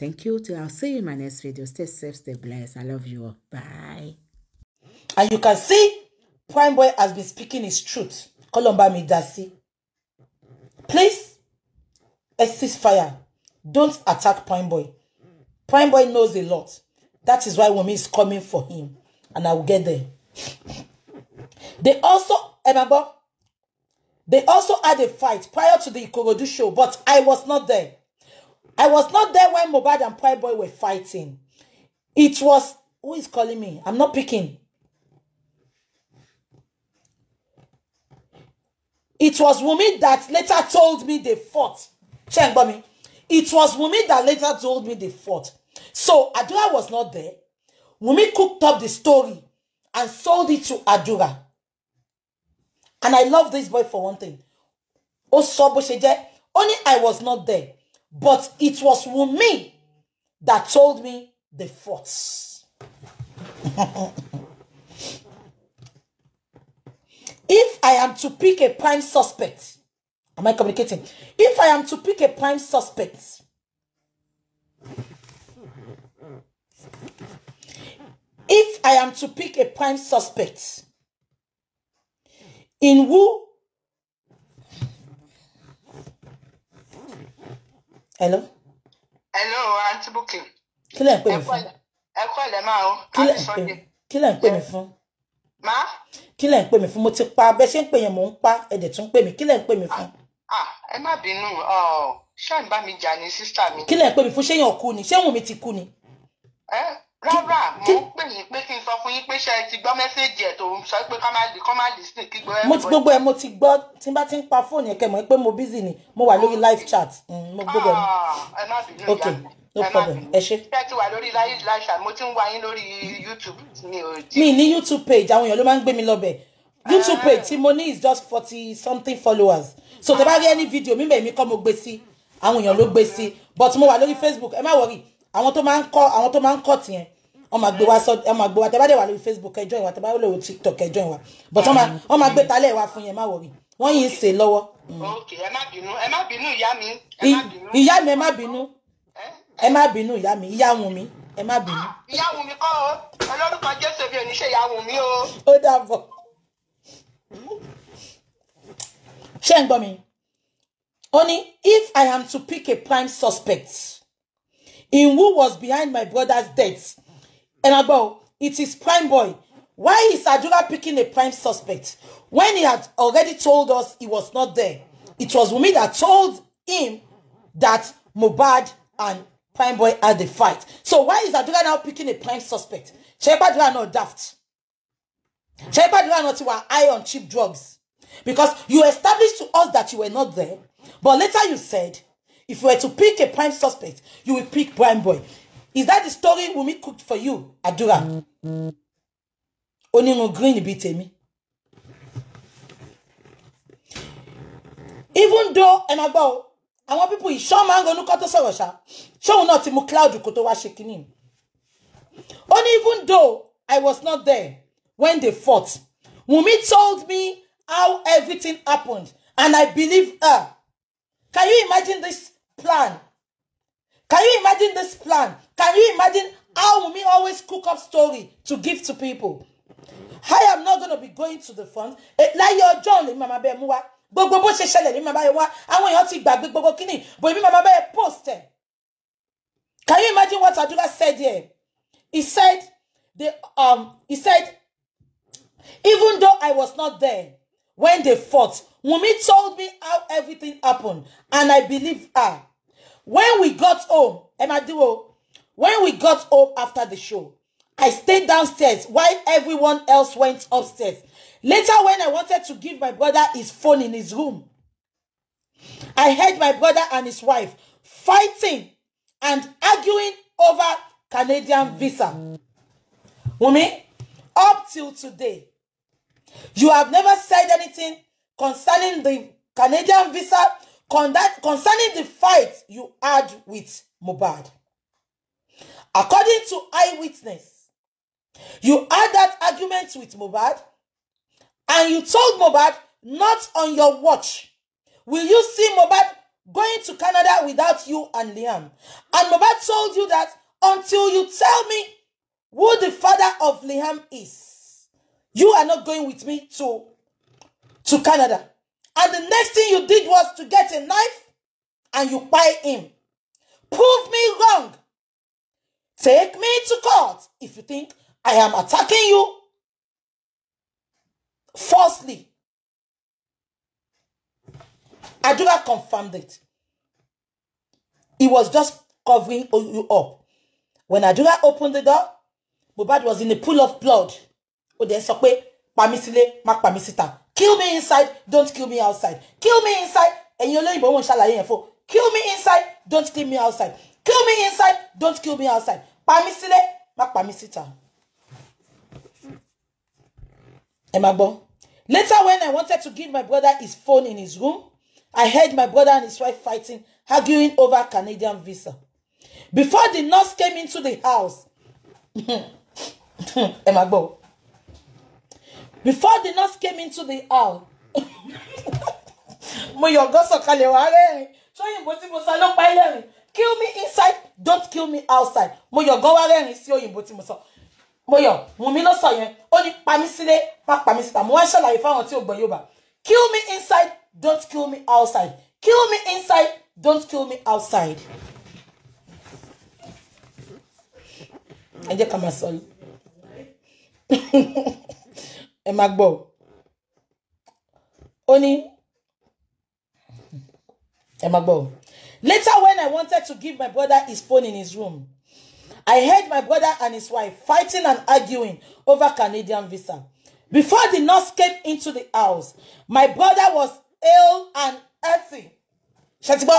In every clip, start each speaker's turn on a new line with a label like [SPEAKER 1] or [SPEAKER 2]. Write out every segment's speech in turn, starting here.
[SPEAKER 1] Thank you. Till I'll see you in my next video. Stay safe, stay blessed. I love you all. Bye. And you can see, Prime Boy has been speaking his truth. Kolomba Midasi. Please, a ceasefire. Don't attack Prime Boy. Prime Boy knows a lot. That is why Wunmi is coming for him. And I will get there. They also, remember, they also had a fight prior to the Ikorodu show, but I was not there. I was not there when Mobad and Pride Boy were fighting. It was, who is calling me? I'm not picking. It was Wumi that later told me they fought. Check me. It was Wumi that later told me they fought. So Adura was not there. Wumi cooked up the story and sold it to Adura. And I love this boy for one thing. Oh, sọ Only I was not there. But it was Wumi that told me the force. if I am to pick a prime suspect, am I communicating? If I am to pick a prime suspect, if I am to pick a prime suspect
[SPEAKER 2] in who hello. hello aunty Bukky. kí lẹ̀ ń pè mí fún. ẹ kọ́ ilẹ̀ máa o
[SPEAKER 1] happy sunday. kí lẹ̀ ń pè ma. kí lẹ̀ ń pè mí fún mo ti pa bẹ́ẹ̀ ṣe ń pè yẹn mò ń pa ẹ̀dẹ̀ tún pè mí kí lẹ̀ ń pè mí fún. Ah,
[SPEAKER 2] ah, ẹ oh, bínú ṣáà ń bá mi jà ní sísá mi. kí
[SPEAKER 1] lẹ̀ ń pè mí fún ṣé yẹn ò kú ni ṣé wùn mi ti kú ni.
[SPEAKER 2] ẹ rárá mo ń pè yín pé kí n sọ fún yín pé ṣe ti gbọ́ mẹ́sẹ̀gì ẹ̀ tó ń sọ pé ká má lè kọ́ má lè sí kí gbọ́ ẹ̀. mo ti gbogbo ẹ
[SPEAKER 1] mo ti gbọ́ tí n bá ti ń pa fóònù yẹn kẹ́ mọ̀ pé mo busy ni mo wà lórí live chat mm, mo gbogbo ẹ. Ah,
[SPEAKER 2] ẹ má bínú ìyá mi no problem ẹ ṣe. ṣé ẹ ti wà lórí láìṣà mo ti ń wá yín lórí youtube mi ò
[SPEAKER 1] jí. mi ní youtube page àwọn èèyàn ló máa ń gbé mi lọ́bẹ̀ youtube page tí mo ní is just forty something followers so tẹ bá rí any video mi bẹ̀ mi kọ́ mo gbé sí àwọn èèyàn ló gbé sí but mo wà lórí facebook ẹ má wọrí àwọn tó máa ń kọ́ àwọn tó máa ń kọ́ tiẹ̀ wọ́n máa gbé wa sọ wọ́n máa gbé wa tẹ́ bá dẹ̀ wà lórí Facebook ẹ join wa tẹ́ bá lórí TikTok ẹ join wa but wọ́n máa gbé talẹ̀ wa fún yẹn má wọ̀rí wọ́n yìí ń ṣe lọ́wọ́.
[SPEAKER 2] Mm. ok ẹ má bínú ẹ má bínú ìyá mi.
[SPEAKER 1] ìyá mi ẹ má bínú ẹ má bínú ìyá mi ìyá wùn mi ẹ má bínú.
[SPEAKER 2] ìyá wùn mi kọ́ o olórúkọ Jésù mi ò ní ṣe ìyá wùn mi o.
[SPEAKER 1] ó dàbọ̀ ṣé ń gbọ́ mi
[SPEAKER 2] ó ní if
[SPEAKER 1] I am to pick a prime suspect in who was behind my brother's death. And about it is prime boy. Why is Ajura picking a prime suspect when he had already told us he was not there? It was Wumi that told him that Mubad and Prime Boy had the fight. So why is Ajura now picking a prime suspect? Sheba Ajura not daft. Sheba Ajura not were high on cheap drugs. Because you established to us that you were not there, but later you said If you were to pick a prime suspect, you will pick Prime Boy. Is that the story Wumi cooked for you, Adura? no green bíi me. Even though ẹ máa gbọ́ o, àwọn pípù yìí ṣọ́ máa ń ronú kó tó sọ̀rọ̀ ṣá. Ṣóun náà ti mu cloud kó tó wá ṣe kínní. even though I was not there when they fought, Wumi told me how everything happened and I believe her. Can you imagine this plan. Can you imagine this plan? Can you imagine how Wumi always cook up story to give to people? I am not going to be going to the front. Eh, màmá Gbogbo bó ṣe ṣẹlẹ̀ ní màmá Àwọn ti gbàgbé gbogbo kíní. màmá Can you imagine what Adura said here? He said, the um, he said, even though I was not there when they fought, Wumi told me how everything happened and I believe her. When we got home, Emma Duo, when we got home after the show, I stayed downstairs while everyone else went upstairs. Later, when I wanted to give my brother his phone in his room, I heard my brother and his wife fighting and arguing over Canadian visa. Wumi, up till today, you have never said anything concerning the Canadian visa concerning the fight you had with Mubad, According to eyewitness, you had that argument with Mubad, and you told Mubad, not on your watch. Will you see Mubad going to Canada without you and Liam? And Mubad told you that until you tell me who the father of Liam is, you are not going with me to, to Canada and the next thing you did was to get a knife and you pie him. Prove me wrong. Take me to court if you think I am attacking you falsely. Adura confirmed it. He was just covering you up. When Adura opened the door, Mohbad was in a pool of blood. Ó dẹ̀ sọ pé, Pamisile, Mak Pamisita kill me inside don't kill me outside kill me inside ẹ̀yin olóyìnbó wọn ṣàlàyé yẹn fún kill me inside don't kill me outside kill me inside don't kill me outside pa mí sílẹ̀ má pa mí síta. ẹ máa gbọ́ later when I wanted to give my brother his phone in his room I heard my brother and his wife fighting arguing over Canadian visa before the nurse came into the house ẹ máa gbọ́ before the nurse came into the house mo yọ̀gọ́ sọ̀kalẹ̀ wá rẹ́rìn sóyìnbó tí mo sọ ló pa ẹlẹ́rìn kill me inside don't kill me outside mo yọ̀gọ́ wá rẹ́rìn sí òyìnbó tí mo sọ mo yọ̀ wùnmí ló sọ yẹn ó ní pa mí sílé má pa mí síta mo wá ṣàlàyé fáwọn tí ò gbọ́ Yorùbá kill me inside don't kill me outside kill me inside don't kill me outside. ẹ jẹ́ ká máa sọ yìí. máa Oni, ó ní later when I wanted to give my brother his phone in his room I heard my brother and his wife fighting and arguing over Canadian visa before the nurse came into the house my brother was ill and healthy ṣètìgbọ́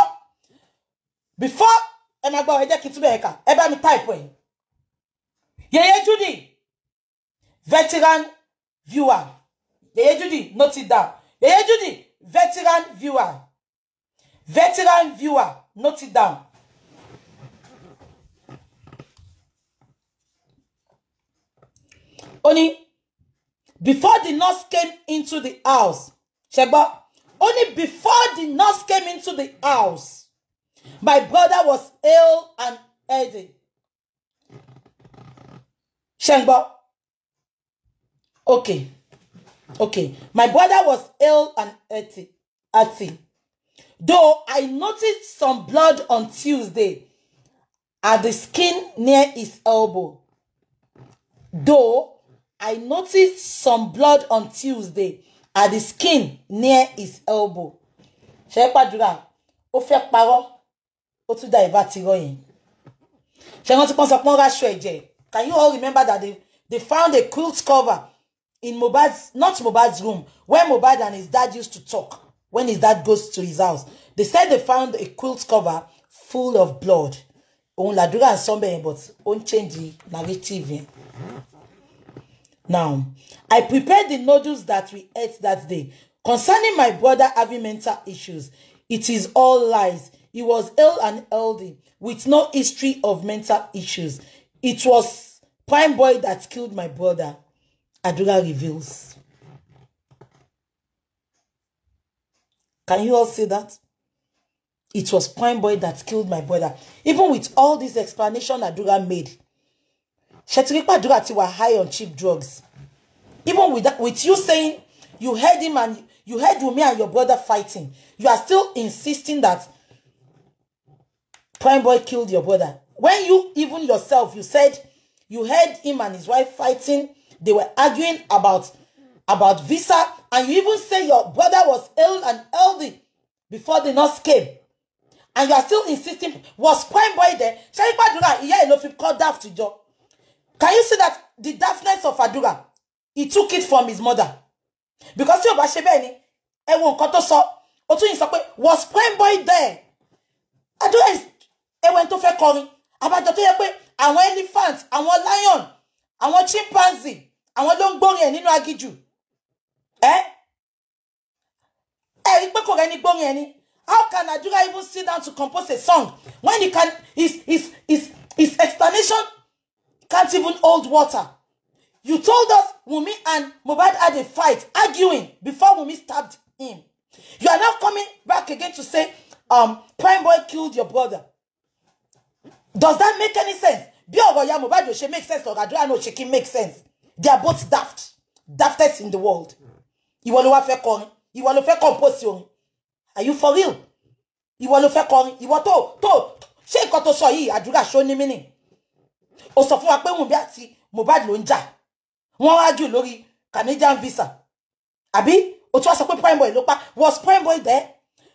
[SPEAKER 1] before ẹ máa gbọ́ ẹ jẹ́ kí n túbẹ̀ ẹ̀ka ẹ bá mi type ẹ̀ Judy veteran viewer Yeye Judy note it down Yeye Judy veteran viewer veteran viewer note it down Only before the nurse came into the house ṣẹgbọ́ Only before the nurse came into the house my brother was ill and healthy ṣẹgbọ́. Okay. Okay. My brother was ill and earthy. earthy. Though I noticed some blood on Tuesday at the skin near his elbow. Though I noticed some blood on Tuesday at the skin near his elbow. Ṣé pàdúrà ó fẹ́ parọ́ ó tún dá ìbá ti rọ yẹn. Ṣé wọ́n ti pọ́n sọ pé wọ́n ráṣọ ẹ̀jẹ̀? Can you all remember that they, they found a quilt cover in Mobad's, not Mobad's room, where Mobad and his dad used to talk when his dad goes to his house. They said they found a quilt cover full of blood. Òun làdúrà and somebody, but òun change the narrative. Now, I prepared the noodles that we ate that day. Concerning my brother having mental issues, it is all lies. He was ill and elderly with no history of mental issues. It was Prime Boy that killed my brother. Adura reveals. Can you all see that? It was Prime Boy that killed my brother. Even with all this explanation Adura made, Shetirikpa Adura ti were high on cheap drugs. Even with that, with you saying you heard him and you heard Wunmi and your brother fighting, you are still insisting that Prime Boy killed your brother. When you, even yourself, you said you heard him and his wife fighting They were arguing about, about visa. And you even say your brother was ill and healthy before the nurse came. And you are still insisting, was prime boy there? Adura? daft Can you see that the daftness of Adura? He took it from his mother. Because you Bashebeni, ẹ̀wọ̀n nǹkan tó sọ, ó was prime boy there? Adura is ẹ̀wọ̀n tó fẹ́ kọrin. Àbájọ tó yẹ pé, àwọn elephant, àwọn lion, àwọn chimpanzee, àwọn ló ń gbórin ẹ̀ nínú agijù ẹ ẹ rí pé kò rẹ́ni gbórin ẹni how can Nigeria even sit down to compose a song when he can his his his his explanation can't even hold water you told us Wumi and Mohbad had a fight arguing before Wumi stabbed him you are now coming back again to say um, Prime Boy killed your brother does that make any sense bí ọ̀rọ̀ ya Mohbad ò ṣe make sense ọ̀rọ̀ àdúrà náà ò ṣe kí make sense they are both daft daftest in the world ìwọ ló wá fẹ́ kọrin ìwọ ló fẹ́ compose composition. are you for real ìwọ ló fẹ́ kọrin ìwọ tó tó to. nǹkan tó sọ yìí àdúrà show ní mínì ó sọ fún wa pé Wunmi àti Mohbad ló ń jà wọ́n wájú lórí Canadian visa àbí o tún wá sọ pé Primeboy ló pa was Primeboy there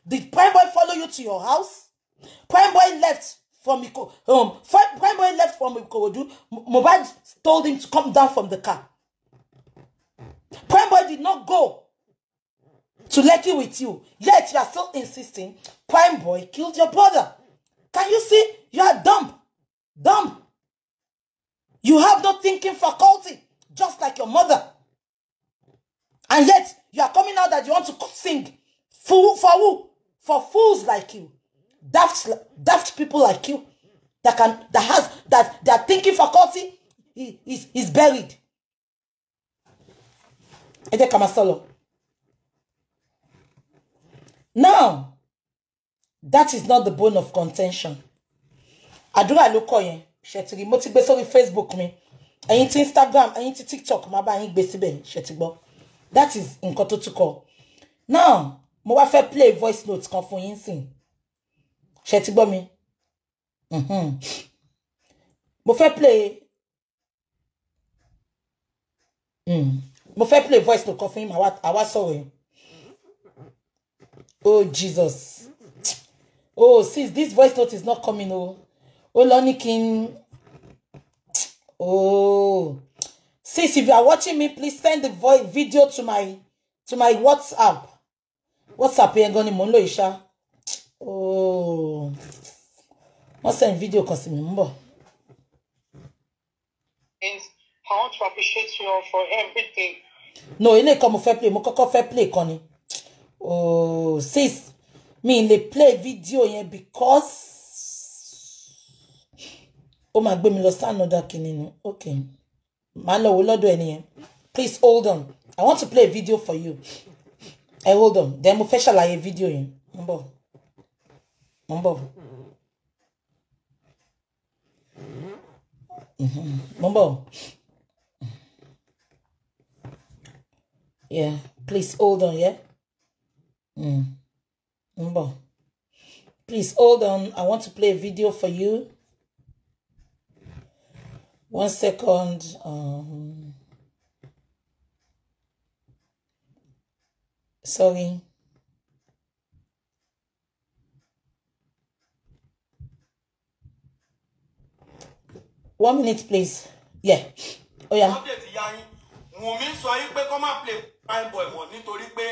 [SPEAKER 1] did prime boy follow you to your house from Iko, um, Fine Boy left from Ikorodu. Mohbad told him to come down from the car. Prime Boy did not go to Lekki with you. Yet you are still insisting Prime Boy killed your brother. Can you see? You are dumb. Dumb. You have no thinking faculty, just like your mother. And yet, you are coming out that you want to sing. Fool for who? For fools like you. daft daft people like you that can that has that their thinking faculty is is buried. ẹ jẹ́ now that is not the bone of contention. àdúrà ló kọ yẹn ṣètìrì mo ti gbé sórí facebook me. ẹ̀yin ti instagram ẹ̀yin ti tiktok máa bá yín gbé síbẹ̀ ṣètìgbọ́ that is nǹkan tó tún now mo wá fẹ́ play voice notes kan fún yín sìn ṣe ti gbọ́ mi mhm. mo fẹ́ play hmm. mo fẹ́ play voice to kọ fún yín àwa sọ̀rọ̀ yìí oh Jesus oh sis this voice note is not coming o oh. ó lọ ní kí n oh sis if you are watching me please send the voice video to my to my WhatsApp WhatsApp yẹn gan ni mò ń lò yìí ṣáá ooo oh. wọ́n send fídíò kan sí mi ń bọ̀.
[SPEAKER 2] I want to appreciate you for everything.
[SPEAKER 1] no ilé kan mo fẹ́ play mo kọ́kọ́ fẹ́ play kan ni ooo oh, sis mi lè play video yẹn because ó máa gbé mi lọ sí another kìnìún okay màá lọ wo lọ́dọ̀ ẹ̀ nìyẹn please hold on I want to play a video for you. I hold on. Then mo fẹ́ ṣàlàyé video yẹn. Ń bọ̀. Mambo. Mambo.
[SPEAKER 2] Mm-hmm.
[SPEAKER 1] Yeah, please hold on, yeah?
[SPEAKER 2] Mm. Mambo.
[SPEAKER 1] Please hold on. I want to play a video for you. One second. Um, sorry. one minute please yeah Oh yeah. wọ́n dẹ̀ ti ya yín Wùnmí play prime
[SPEAKER 2] boy mọ́ nítorí pé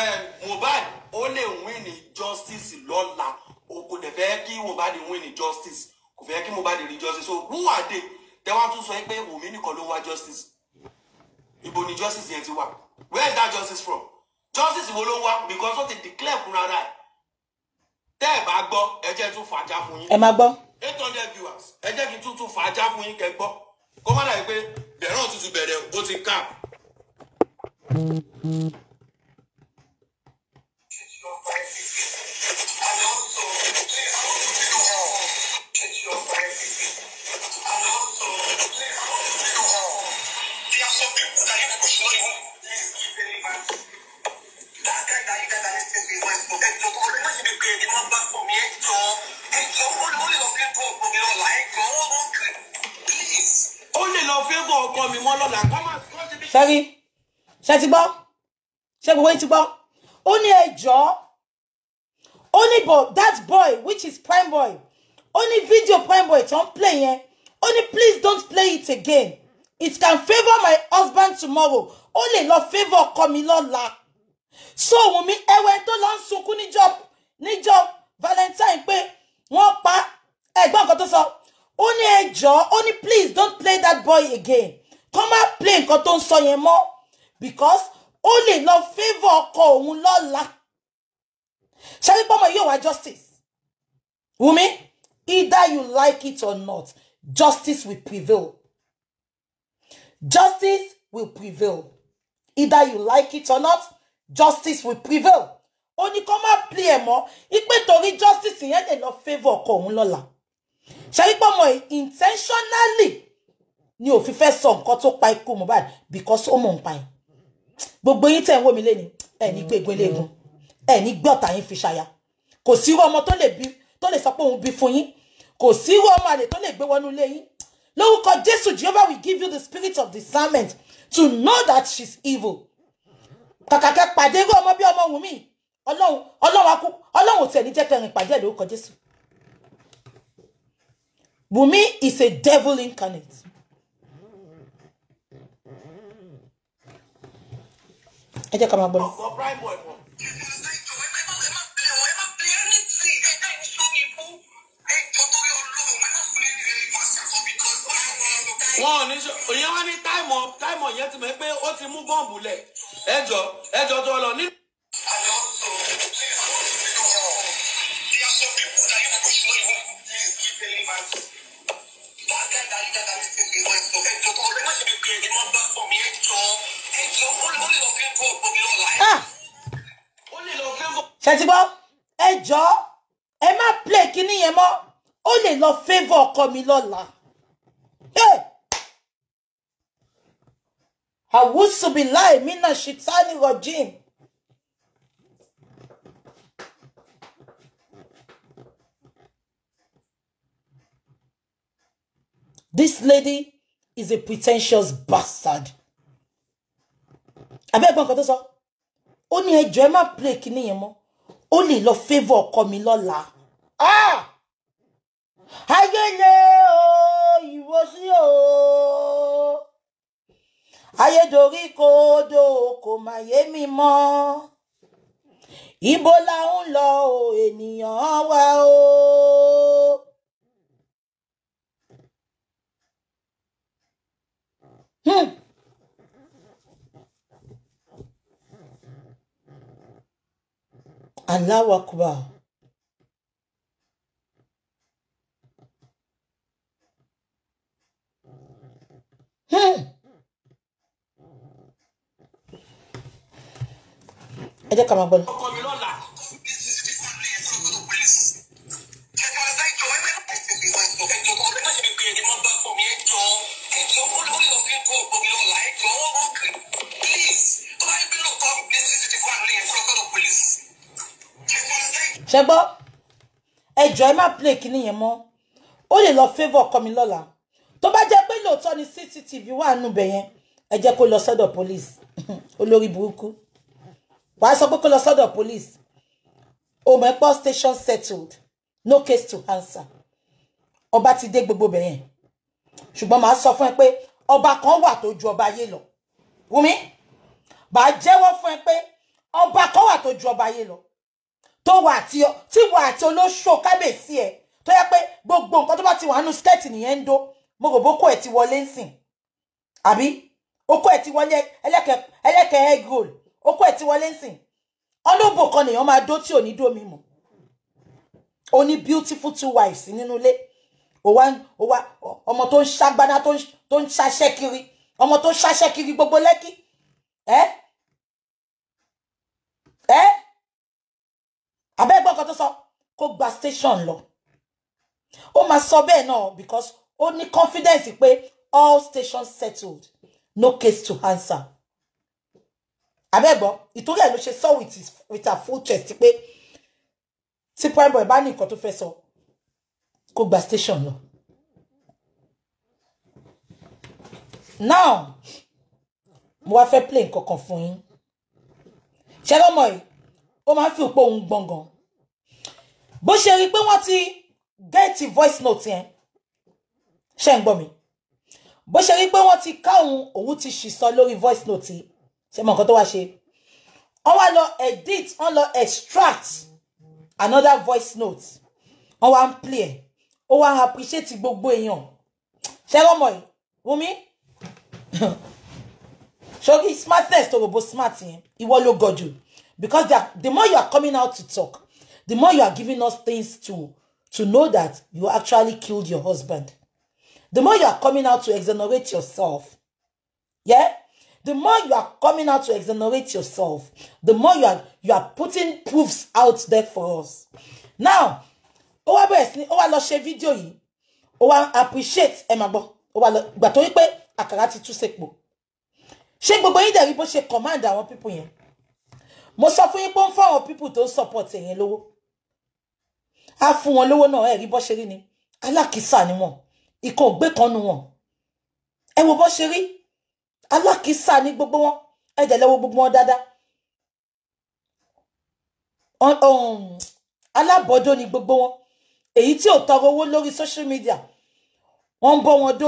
[SPEAKER 2] eh, Mohbad ó lè win justice lọ́la o kò dẹ̀ fẹ́ kí Mohbad win justice kò fẹ́ kí Mohbad rí justice so wúwàdé tẹ́wọ́n tún sọ yín pé Wùnmí nìkan ló wá justice ibo ni justice yẹn ti wà where is that justice from justice wo ló ń because ó ti declare fúnra rẹ̀ tẹ́ ẹ̀ bá gbọ́ ẹ jẹ́ tún fàájà fún yín.
[SPEAKER 1] ẹ má eight hundred viewers
[SPEAKER 2] ẹ jẹ́ kí tuntun fà á já fún yín kẹ́ gbọ́ kó má dàbí pé bẹ̀rẹ̀ òtútù bẹ̀rẹ̀ ó ti kà. Thank you síbi pé ẹni máa bá pọ̀ mí ẹ̀ jọ ẹ̀ please. ó
[SPEAKER 1] lè lọ that boy which is prime boy Only video prime boy Don't play yẹn Only please don't play it again it can favor my husband tomorrow ó lè lọ favour ọkọ mi lọ́la so I went to lọ so sunkún job níjọ́ valentine pé wọ́n pa ẹ̀gbọ́n nǹkan tó sọ ó ní ẹjọ́ ó ní please don't play that boy again Come má play nǹkan tó ń sọ yẹn mọ́ because ó lè lọ favour ọkọ òun lọ́la ṣé wípé ọmọ yóò wá justice Wumi either you like it or not justice will prevail justice will prevail either you like it or not justice will prevail ó ní kó má pli ẹ̀ mọ́ ipe torí justice yẹn lè lọ favour ọkọ òun lọ́la ṣe wípé ọmọ intentionally ni ò fi fẹ́ sọ nǹkan tó pa ikú Mohbad because ó mọ̀ ń pa yín gbogbo yín tẹ̀ ń wò mí lẹ́ni ẹ̀ ní gbégbé léegun ẹ̀ ní gbọ́ta yín fi ṣaya kò sí irú ọmọ tó lè bí tó lè sọ pé òun bí fún yín kò sí irú ọmọ àlè tó lè gbé wọnú ilé yín lórúkọ Jésù Jehovah will give you the spirit of discernment to know that she's evil kàkàkẹ́ pàdé irú ọmọ bí ọmọ wùmí ọlọ́run ọlọ́run akú jẹ́ kẹrin ìpàdé ẹ̀ lórúkọ jésù Wunmi is a devil incarnate. ẹ jẹ́ ká máa
[SPEAKER 2] gbọ́. wọn ò ní táìmù táìmù yẹn ti mọ̀ pé ó ti mú bọ́ǹbù lẹ̀ ẹjọ́ ẹjọ́ tó lọ nínú. ìwà ẹ̀tọ́ ẹ̀tọ́ tó ọ̀rẹ́ má ṣe fi ẹ̀yìn máa bá pọ̀ mí ẹ̀jọ́ ẹ̀jọ́ ó lè lọ fẹ́ bọ̀ ọ̀pọ̀ mi
[SPEAKER 1] lọ́la ẹ̀. ó lè lọ fẹ́ bọ̀. ẹ jọ ẹ má play kinní yẹn mọ́ ó lè lọ favour ọkọ mi lọ́la. àwùsùbìláì mí náà ṣìtánì rọ̀jìn. This lady is a pretentious bastard. Abẹ́gbọ́n kan tó sọ, ó ní ẹjọ́ ẹ má play kíní yẹn mọ́, ó lè lọ favour ọkọ mi lọ́la. Ah! Ayéle o, ìwọ sí o. Ayédorí kò odò kò mà yé mi mọ́. Ibo la ń lọ o, ènìyàn wá o. Hmm. Allahu Akbar. Hmm. ẹ jẹ́ ká máa gbọ́ ṣe gbọ́ ẹjọ́ ẹ má play kíní yẹn mọ́ ó lè lọ favour ọkọ mi lọ́la tó bá jẹ́ pé lóòótọ́ ni cctv wà nù bẹ̀ yẹn ẹ jẹ́ kó lọ sọ́dọ̀ police olórí burúkú wàá sọ pé kó lọ sọ́dọ̀ police omepo station settled no case to answer ọba ti dé gbogbo bẹ̀ yẹn ṣùgbọ́n màá sọ fún ẹ pé ọba kan wà tó ju ọba ayé lọ Wùmí bàá jẹ́wọ́ fún ẹ pé ọba kan wà tó ju ọba ayé lọ tó wà àti tí wà àti olóṣò kábèsí ẹ̀ tó yẹ pé gbogbo nǹkan tó bá ti wà nínú skẹ́ẹ̀tì nìyẹn ń do mo rò bókó ẹ̀ ti wọlé ń sìn àbí okó ẹ̀ ti wọlé ẹlẹ́kẹ̀ ẹlẹ́kẹ̀ egg roll okó ẹ̀ ti wọlé ń sìn kan nìyẹn máa dó tí ò ní dó mi mọ̀ ó ní beautiful two wives nínú ilé òwa òwa ọmọ tó ń ṣàgbáná tó ń ṣaṣẹ́ kiri ọmọ tó ṣaṣẹ́ kiri gbogbo lẹ́kí ẹ́ ẹ́ abẹ́gbọ́n kan tó sọ kó gba station lọ ó máa sọ bẹ́ẹ̀ náà because ó ní confidence pé all stations settled no case to answer abẹ́gbọ́n ìtorí ẹ̀ ló ṣe sọ with his with her full chest pé tí Primeboy bá ní nǹkan tó fẹ́ sọ kó gba station lọ. now mo wá fẹ́ play nǹkan kan fún yín ṣé lọ́mọ yìí ó máa ń fi òpó òun gbọ̀ngàn bó ṣe rí pé wọ́n ti gẹ́ẹ̀tì voice note yẹn ṣe ń gbọ́ mi bó ṣe rí i pé wọ́n ti ká òun ti ṣì sọ lórí voice note yìí ṣe mọ nǹkan tó wá ṣe wọ́n wá lọ edit wọ́n lọ extract another voice note wọ́n wá ń play ẹ̀ ó wá ń appreciate gbogbo èèyàn ṣe rọmọ yìí Wumi sórí smartness tó rògbò smart yẹn ìwọ ló gọjù Because are, the more you are coming out to talk, the more you are giving us things to, to know that you actually killed your husband. The more you are coming out to exonerate yourself, yeah? The more you are coming out to exonerate yourself, the more you are, you are putting proofs out there for us. Now, ó wá bẹ̀rẹ̀ sí ní ó wá lọ ṣe fídíò appreciate Emma máa gbọ́ ó wá lọ gbà torí pé àkàrà ti tú sèpò ṣé gbogbo yín dẹ̀ command àwọn people yẹn mo sọ fún yín pé ń fún àwọn people tó ń support ẹ̀yìn lówó a fún wọn lówó náà ẹ̀rí bọ́ ṣe rí ni alákìísà ni wọn ikọ̀ ògbé kan nu wọn ẹ wo bọ́ ṣe rí alákìísà ni gbogbo wọn ẹ dẹ̀ lẹ́wọ́ gbogbo wọn dáadáa alábọ̀dó ni gbogbo wọn èyí tí ò tọrọ owó lórí social media wọ́n ń bọ́ wọn dó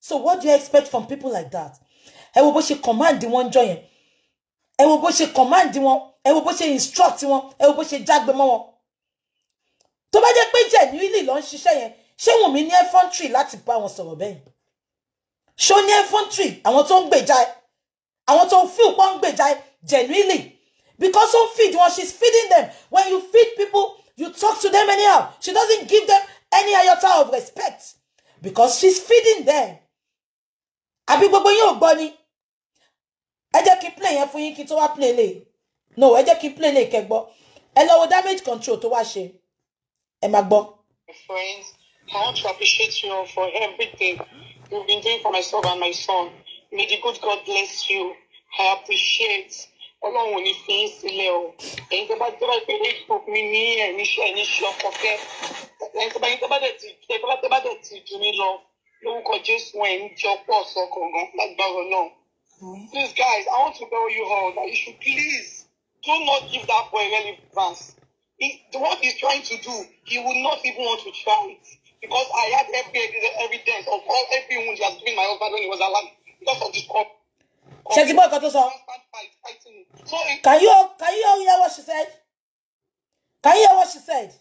[SPEAKER 1] so what do you expect from people like that ẹ wo bó ṣe command wọn jọ yẹn ẹ wo bó ṣe command wọn ẹ wo bó ṣe instruct wọn ẹ wo bó ṣe jágbe mọ́ wọn tó bá jẹ́ pé genuinely ló ń ṣiṣẹ́ yẹn ṣé Wùnmí ní infantry láti bá wọn sọ̀rọ̀ bẹ́ẹ̀ ṣó ní infantry àwọn tó ń gbèjà ẹ àwọn tó ń feel pọ́n ń gbèjà ẹ genuinely because ó ń feed wọn she's feeding them when you feed people you talk to them anyhow she doesn't give them any iota of respect because she's feeding them àbí gbogbo yín ò gbọ́ ni ẹ kí play yẹn fún yín kí tó wá play lè no ẹ kí play lè kẹgbọ́ ẹ lọ wo damage control tó wá ṣe ẹ máa gbọ́. my friends i want to appreciate you all for everything you been doing for myself
[SPEAKER 2] and my son may the good god bless you i appreciate ọlọ́run ò ní fi yín sílẹ̀ o ẹ̀yin tó bá tó bá pé facebook mi ní ẹ̀mí ṣe ẹ̀mí ṣe ọkọ̀ kẹ́ ẹ̀yin tó bá yín tó bá dẹ̀ ti ẹ̀yin tó bá dẹ̀ ti jù mí lọ lórúkọ jésù ẹ̀ ń jọ pọ̀ sọ kọ̀ọ̀kan lágbára náà. Mm-hmm. Please, guys, I want to tell you all that you should please do not give that boy relevance. He, what he's trying to do, he would not even want to try it. Because I have every evidence of all every wound he has given my husband when he was alive because of this call. Shetibo nkan tó sọ.
[SPEAKER 1] Can you can you hear what she said? Can you hear what she said?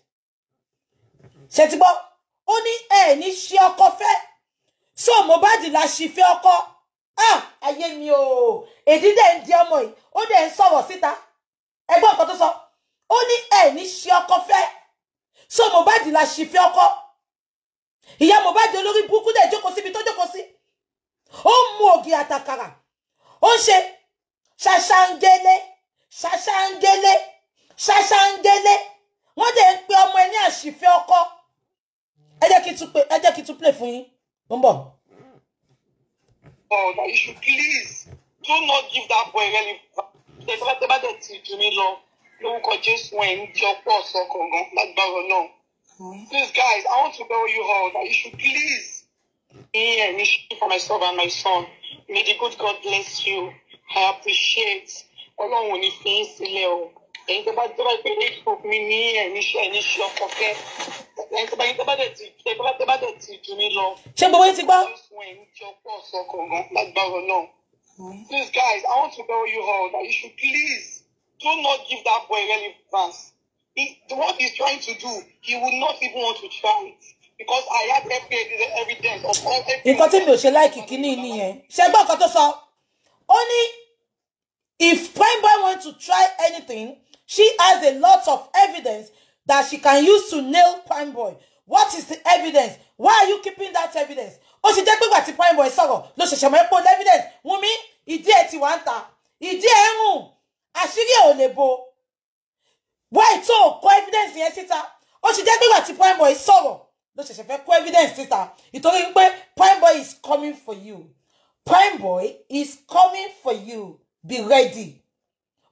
[SPEAKER 1] Shetibo ó ní ẹ̀ ní ṣe ọkọ fẹ́ so Mohbad la ṣì fẹ́ ọkọ. Ah, ayé mi o èdè dẹ̀ di ọmọ yìí ó dẹ̀ ń sọ̀rọ̀ síta ẹgbọ́n nǹkan tó sọ ó ní ẹ̀ ní ṣe ọkọ fẹ́ so Mohbad la ṣì fẹ́ ọkọ ìyá Mohbad olórí burúkú dẹ̀ jókòó síbi tó jókòó sí ó ń mu ògì àtàkàrà ó ń ṣe ṣaṣangele ṣaṣangele ṣaṣangele wọ́n dẹ̀ ń pe ọmọ ẹ ní àṣìfẹ́ ọkọ ẹ jẹ́ kí n tún play fún yín ń bọ̀
[SPEAKER 2] sọ̀rọ̀ that you should please do not give that boy really bad tẹ bá that to me, mí lọ lórúkọ Jésù ẹ̀ ń di ọ̀pọ̀ ọ̀sán kankan lágbára náà. Please guys, I want to tell you all that you should please me and me for myself and my son. May the good God bless you. I appreciate. Ọlọ́run ò ní fi yín sílẹ̀ o ẹ̀yin tó bá tó bá pè ní ìfò mi ní ẹ̀yin ẹ̀yin ṣe ọkọ̀ kẹ́ tó bá yín tó bá dẹ̀ ti ẹ̀yin tó bá dẹ̀ ti jù mí lọ. ṣé gbogbo yín ti gbọ́. Please guys, I want to tell you all that you should please do not give that boy relevance. He, what he's trying to do, he would not even want to try it. Because I have evidence of all nǹkan tí mi ò
[SPEAKER 1] ṣe láìkì kínní nìyẹn ṣe gbọ́ nǹkan tó sọ ó ní if prime boy want to try anything She has a lot of evidence that she can use to nail Prime Boy. What is the evidence? Why are you keeping that evidence? Ó ṣe jẹ́ pé ìgbà Prime Boy sọ̀rọ̀ ló ṣẹ̀ṣẹ̀ mọ́ epo evidence. Wunmi, ìdí ẹ̀ ti wá ń ta. Ìdí ẹ̀ ń rùn. Àṣírí ẹ̀ ò lè bo. Why tó kó evidence yẹn síta? Ó ṣe jẹ́ pé ìgbà Prime Boy sọ̀rọ̀ ló ṣẹ̀ṣẹ̀ fẹ́ kó evidence síta. Ìtorí pé Prime Boy is coming for you. Prime Boy is coming for you. Be ready.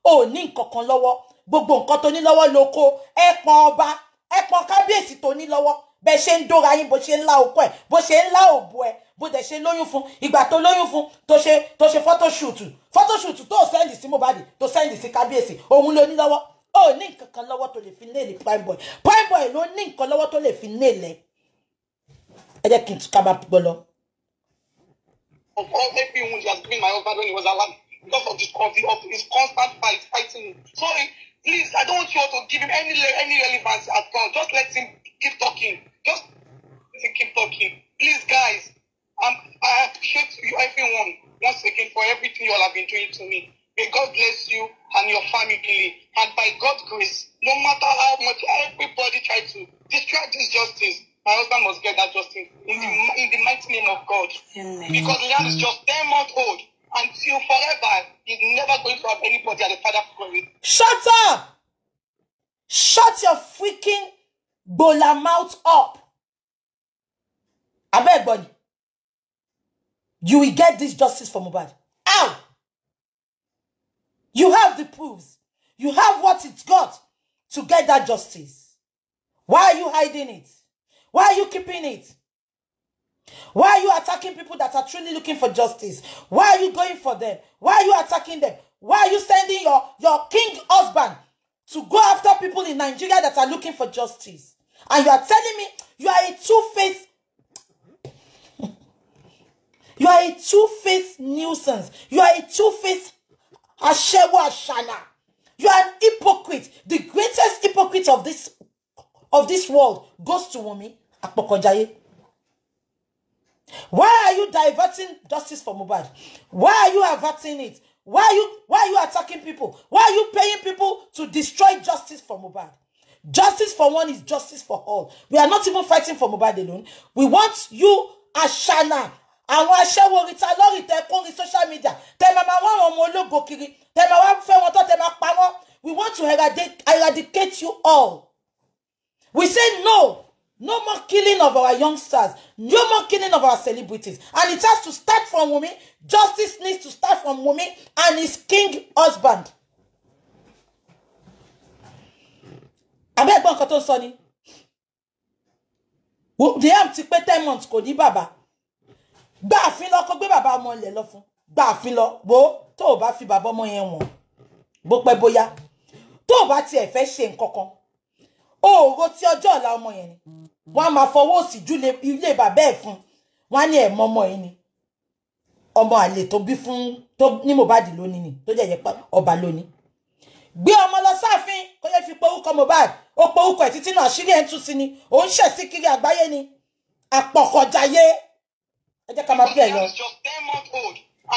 [SPEAKER 1] O ò ní nǹkan lọ́wọ́ gbogbo nǹkan tó ní lọ́wọ́ ló kó ẹ pọn ọba ẹ pọn kábíyèsí tó ní lọ́wọ́ bẹ́ẹ̀ ṣe ń dóra yín bó ṣe ń lá okó ẹ̀ bó ṣe ń lá òbò ẹ̀ bó dẹ̀ ṣe lóyún fún ìgbà tó lóyún fún tó ṣe tó ṣe fọ́tóṣùtù fọ́tóṣùtù tó sẹ́ndì sí Mohbad tó sẹ́ndì sí kábíyèsí òun ló ní lọ́wọ́ ó ní nǹkan kan lọ́wọ́ tó lè fi nílẹ̀ prime boy prime boy ló ní nǹkan lọ́wọ́ tó lè fi nílẹ̀ ẹ jẹ́ kí n ká máa gbọ́ lọ.
[SPEAKER 2] every wound he don't to give him any any relevance at all. Just let him keep talking. Just let him keep talking. Please, guys, um, I appreciate you, everyone, once again, for everything you all have been doing to me. May God bless you and your family. And by God's grace, no matter how much everybody tries to distract this justice, my husband must get that justice in the, hmm. in the mighty name of God. Amen. Because Leon is just 10 months old. Until forever, he's never going to have anybody at the Father for glory.
[SPEAKER 1] Shut up! Shut your freaking bola mouth up. I beg Bonnie. You will get this justice for Mubad. Ow! You have the proofs. You have what it's got to get that justice. Why are you hiding it? Why are you keeping it? Why are you attacking people that are truly looking for justice? Why are you going for them? Why are you attacking them? Why are you sending your, your king to go after people in Nigeria that are looking for justice. And you are telling me you are a two-faced you are a two-faced nuisance. You are a two-faced ashewo ashana. You are an hypocrite. The greatest hypocrite of this of this world goes to Wunmi Apokonjaye. Why are you diverting justice for Mohbad? Why are you averting it? Why are you why are you attacking people? Why are you paying people to destroy justice for Mubad? Justice for one is justice for all. We are not even fighting for Mubad alone. We want you, Ashana, àwọn aṣẹ́wó oríta lórí tẹkùnrin social media tẹ máa máa wọ́n àwọn ọmọ ológo kiri tẹ máa wá fẹ́ wọn tó tẹ máa pa wọ́n we want to eradicate you all we say no No more killing of our youngsters. No more killing of our celebrities. And it has to start from women. Justice needs to start from women and his king husband. Abẹ́ gbọ́n nǹkan tó ń sọ ni. Liam ti pé ten months kò ní bàbá. Gbà àfin lọ kó gbé bàbá ọmọ ilẹ̀ lọ fún. Gbà àfin lọ bó tó o bá fi bàbá ọmọ yẹn wọ̀n. Bó pẹ́ bóyá. Tó o bá tiẹ̀ fẹ́ ṣe nǹkan kan. O ti ọjọ́ ọ̀la ọmọ yẹn ni wọ́n á máa fọwọ́ òsì ju ilé bàbá ẹ̀ fún wọ́n ní ẹ̀ mọ́ yìí ni ọmọ àlè tó bí fún tó ní Mohbad lónìí ni tó jẹ́ ìyẹ̀pẹ̀ ọba lónìí gbé ọmọ lọ sáàfin kó yẹ fi porúkọ Mohbad ó porúkọ ẹ̀ títí náà ṣírí ẹ̀ ń sí ni òun ṣẹ̀ sí kiri àgbáyé ni àpọ̀kọ̀jayé ẹ jẹ́ ká máa bí ẹ̀ lọ.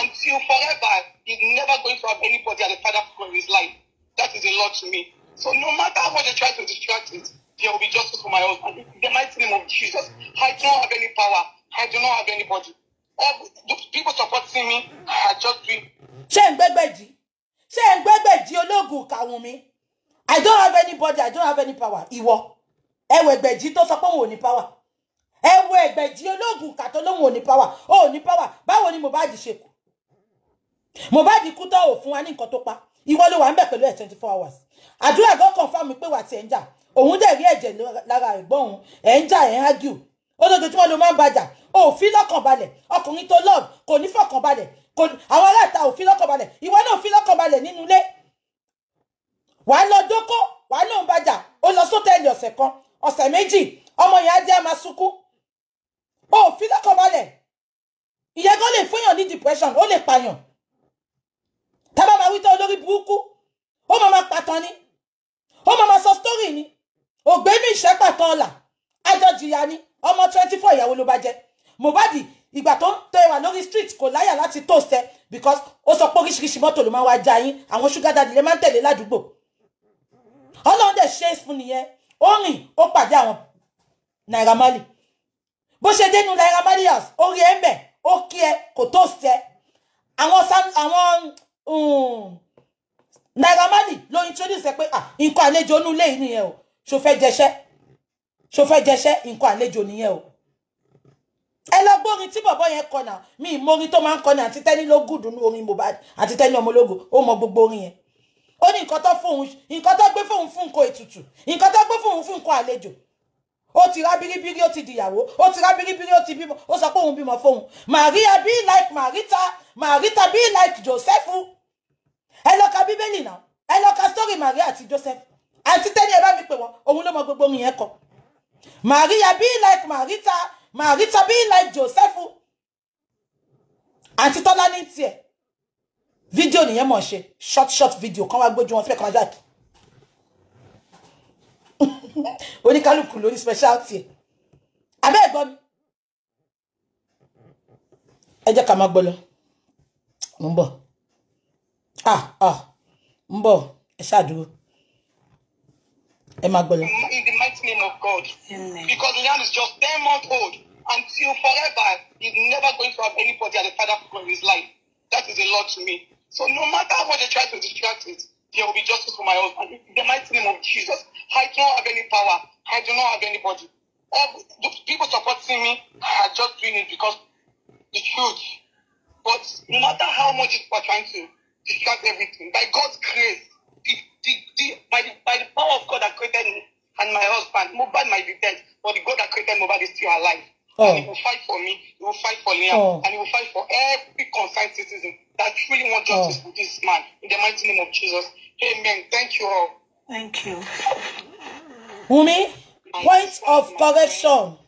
[SPEAKER 2] Until forever, he's never going to have anybody as a father figure his life. That is a lot to me. So no matter what they try to distract it, there will be justice for my husband. In the mighty name of Jesus, I do not have any power. I do not have anybody. All the people supporting me are just doing.
[SPEAKER 1] Ṣé ń gbẹ́gbẹ̀jì? Ṣé ń gbẹ́gbẹ̀jì ológun kàwọn mi? I don't have anybody, I don't have any power. Ìwọ. Ẹ̀wọ̀ ẹ̀gbẹ̀jì tó sọ pé òun ò ní power. Ẹ̀wọ̀ ẹ̀gbẹ̀jì ológun kà tó lóun ò ní power. Ó ò ní power. Báwo ni Mohbad ṣe kú? Mohbad kú tó ò fún wa ní nǹkan tó pa. Ìwọ ló wà ń bẹ̀ pẹ̀lú ẹ̀ twenty four hours. Àdúrà gan confirm pé wà tiẹ̀ ń jà òun dẹ̀ rí ẹ̀jẹ̀ lára ẹ̀gbọ́n òun ẹ̀ ń jà ẹ̀ ń ágìw ó lójoojúmọ́ ló máa ń bàjà òfin lọ́kànbalẹ̀ ọkùnrin tó love kò ní fọkànbalẹ̀ kò ní àwọn aláìta òfin lọ́kànbalẹ̀ ìwọ náà òfin lọ́kànbalẹ̀ nínú ilé wàá lọ dóko wàá lóun bàjà ó lọ sótẹ́ẹ̀lì ọ̀sẹ̀ kan ọ̀sẹ̀ méjì ọmọ yẹn á jẹ́ máa sunkún òfin lọ́kànbalẹ̀ ìyẹn gan lè fún yàn ní depression ó lè pààyàn tábà máa wí tán olórí burúkú ó máa máa pàtàn ni ó máa máa sọ story ni ògbémi ìṣẹ́pà kan ọ̀la ajọ́jìyà ni ọmọ twenty four ìyàwó ló bá jẹ Mohbad ìgbà tó ń tẹ wà lórí street kò láyà láti tó sẹ because ó sọ pé oríṣiríṣi mọ́tò ló máa wá já yín àwọn sugar daddy lè máa ń tẹ̀lé ládùúgbò ọlọ́run dẹ̀ ṣe é fún nìyẹn ó rìn ó pàdé àwọn Naira Marley bó ṣe dénú Naira Marley house ó rí ẹ mẹ ó kí ẹ kò tó sẹ àwọn mm, Naira Marley ló introduce ẹ pé ah, nǹkan àlejò onú ilé yìí nìyẹn o ṣó fẹ́ jẹṣẹ́ ṣó fẹ́ jẹṣẹ́ nǹkan àlejò nìyẹn o ẹ lọ gbórin tí bọ̀bọ̀ yẹn kọ náà mi ì mórin tó máa ń kọ ní àti tẹ́ni ló gùdùn ní orin Mohbad àti tẹ́ni ọmọlógo ó mọ gbogbo orin yẹn ó ní nǹkan tó fóun nǹkan tó gbé fóun fún nǹkan ètùtù nǹkan tó gbé fóun fún nǹkan àlejò ó ti ra biribiri ó ti dìyàwó ó ti ra biribiri ó ti bímọ ó sọ pé òun bímọ fóun Maria be like Marita Marita be like Joseph ẹ lọ ka bíbélì náà ẹ lọ ka story Maria àti Joseph àti tẹ́lẹ̀ ẹ bá mi pè wọ́n òun ló mọ gbogbo ohun yẹn kọ. Maria be like Marita Marita be like Joseph àti Tọ́lá ní tiẹ̀ fídíò nìyẹn mọ̀ ṣe short short video kan wá gbójú wọn síbẹ̀ kan wá jáde oníkálukú lórí speciality abẹ́ ẹ̀gbọ́n mi ẹ jẹ́ ká máa gbọ́ lọ mo ń bọ̀ ah ah ń bọ̀ ẹ ṣáà dúró in the
[SPEAKER 2] mighty name of God Amen. because Leon is just ten months old until forever he's never going to have anybody at the father for his life that is a lot to me so no matter how they try to distract it there will be justice for my husband in the mighty name of Jesus I do not have any power I do not have anybody all the people supporting me are just doing it because the truth but no matter how much people are trying to distract everything by God's grace the, the, by, the, by the power of God that created me and my husband, Mohbad might be dead, but the God that created Mohbad is still alive. Oh. And he will fight for me, he will fight for Liam, oh. and he will fight for every concerned citizen that truly wants justice oh. for this man. In the mighty name of Jesus. Amen. Thank you all.
[SPEAKER 1] Thank you. Wumi, point of correction.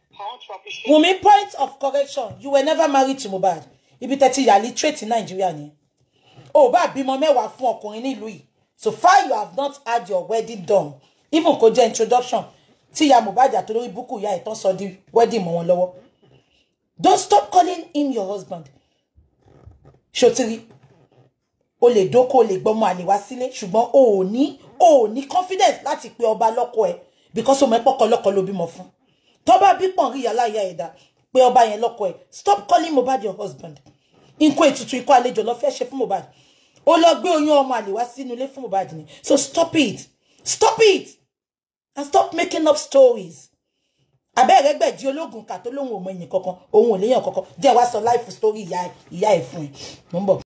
[SPEAKER 1] Wumi, point of correction. You were never married to Mohbad. Ibi tẹ́tí yàrá trade in Nigeria ni. O bá bímọ mẹ́wàá fún ọkùnrin nílùú so far you have not had your wedding done even kò jẹ́ introduction tí ìyá Mohbad àtolórí "Buku, ìyá ìtàn sọ di wedding mọ́ wọn lọ́wọ́ don't stop calling him your husband ṣòtìrí o le doko le lè gbọmọ àlè wá sílé o ni o ni confidence láti pe ọba lọ́kọ ẹ̀ because o mọ̀ ẹpọ kọlọkọ ló bímọ fún tọba bi pọn rí yàrá ìyá ẹ̀dá pé ọba yẹn lọ́kọ ẹ̀ stop calling Mohbad your husband nkó ètùtù ikú àlejò lọ fẹ́ ṣe fún Mohbad ó lọ gbé oyún ọmọ àlè wá sínú ilé fún Mohbad ni so stop it stop it and stop making up stories abẹ́rẹ́ gbẹ̀jì ológun kà tó lóun ò mọ ẹ̀yìn kankan òun ò léyàn kankan jẹ́ wá sọ life story ìyá ẹ̀ fún ẹ̀ mò ń bọ̀.